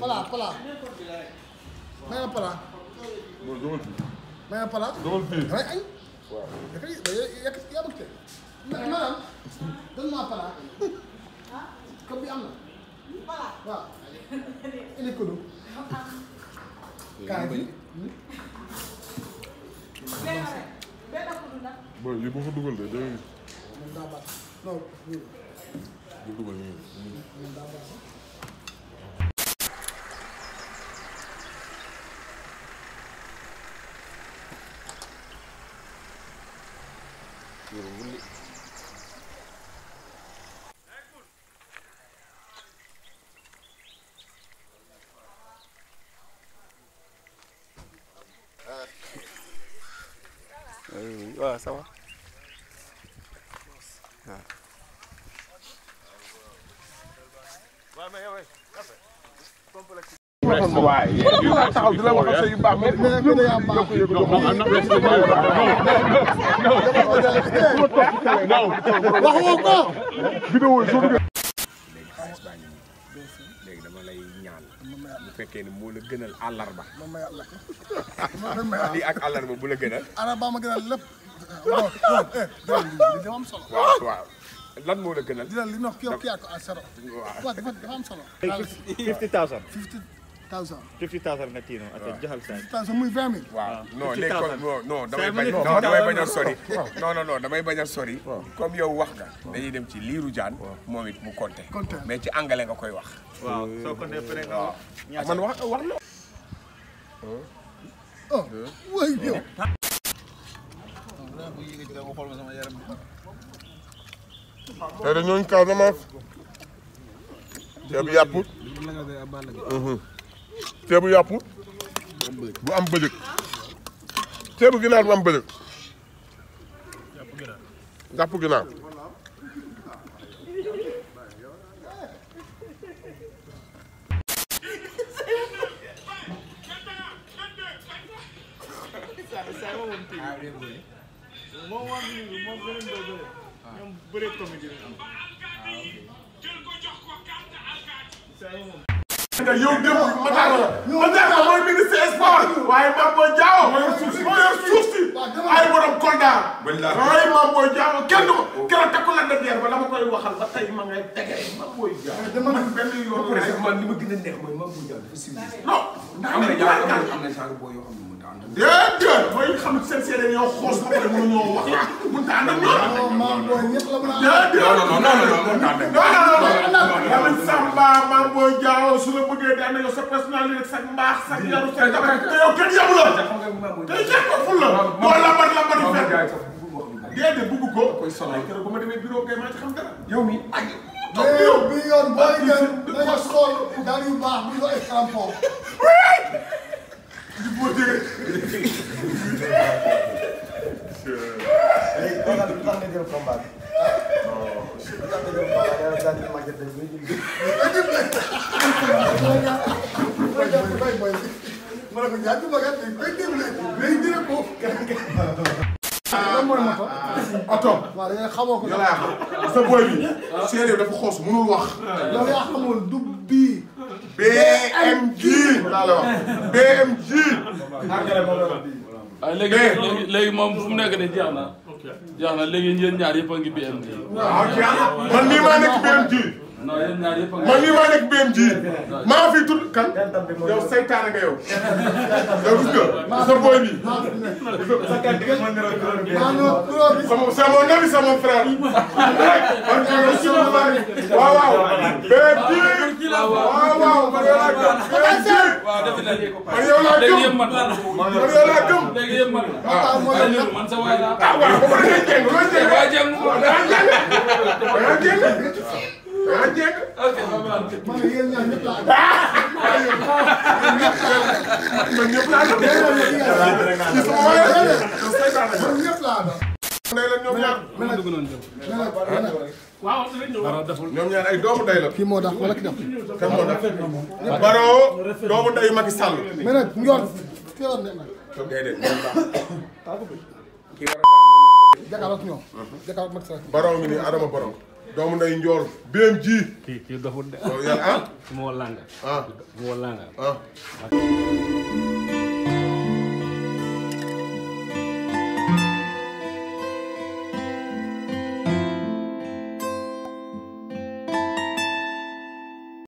voilà voilà. may ma pala. loolu dogal fii. may ma pala. dogal fii damay añ. waaw dafay yàq yaa bëgg te. maanaam donne moi pala. comme bi am na. waaw. indi kodo. kaa ji. bon lii boo fa dugal de dégg nga. non. ഒരു ഉള്ളി waaw ça va waaw mais yow complexe loxo ma waaye yow laa taxaw di la wax sa yu baax mais nag yow léegi dama lay ñaan bu fekkee ne moo la gënal àllarba lii ak àllarba bu la gënal. àllarba ma gënal lépp. waaw am solo. waaw waaw lan moo la gënal. di li ñu wax kii ak kii ak à sero. waaw dafa am solo. fifty thousand. thousand. fifty thousand nga tiinoo ak joxal saa fifty thousand muy vingt mille. waaw non léegi comme non damay bañ non damay bañ a sori. non non non damay bañ a sori. comme yow wax nga. dañuy dem ci liiru jaan. moom it mu compter. mais ci anglais nga koy wax. waaw soo compter pare nga wax. man wax wax na. oh way yow. tey de ñooñu Casamance. ceeb yàpp. ceebu yàpp bu am bëjëg ceebu ginaar bu am bëjëg jàpp ginaar ñoom bëre comédie am yow démb Matar Matar mooy ministre sport waaye Mame Boye Diao moo yor suuf si ay borom Kolda waaye Mame Boye Diao kenn du ma oh. keroog takku la ba la ma koy waxal ba tey ma ngay tege Mame Boye Diao man benn yoon rek man li ma gën a neex mooy Mame Boye Diao dafa civilisé non am na ñaar am na genre boo yoo xam ne mu daan déedéet mooy xam seen seen ñoo xoos ba pare mënuñoo wax mënut a ànd ak loolu. Oh, maam booy ñëpp la mën a ànd. non non non non non Samba maam booy Diaw su la bëggee daan na yow sa personnalité sa mbaax sa yaru sa te yow kenn yabu la. te jeex ko ful la. moo lambar lambar fekk. déedéet bugg ko. koy sonal keroog ba ma demee bureau kay maa ci xam dara. yow mi ay. toog eh, yow bi yoon booy ngeen dañu xool daal yu baax bu ñu ko ay jël combat bi. lan mooy moto. oto. waaw da ngeen xamoo ko. yow yaa xam sa boy bi. séeréer dafa xoos mënul wax. yow yaa xamoon du bii. BMG. laa la wax BMG. léegi léegi moom fu mu nekk de jeex na. jeex na léegi yéen ñaar yëpp a ngi BMG. waaw ah, man mii maa nekk BMG. non yéen ñaar yëpp a ngi. man mii maa nekk BMG. maa fi tudd kan. yow saytaane nga yow. yow gis nga sa boy bi. sama sama nabi sama frère. waaw waaw. BMG. waaw waaw def na man yow laa gëm man yow laa gëm léegi yëpp man man sa waay laa ah waaw boobu da ngay jéng loo jéng waa jéng danaa jéng danaa jéng ok man yéen ñaar ñëpp laa man ñëpp laa man ñëpp laa day la ñoom ñaar mën na dugg noonu jëm ñoom ñaar ay doomu day la kii moo tax wala ki daf kan moo tax baro doomu dayu Macky Sall mais nag ñor teewoon na nag déedéet kii war a jàkkaarloo ak ñoom jàkkaarloo ak Macky Sall Adama Baro doomu nday njool BMG kii kii doful de loolu yàlla ah? moo langa ah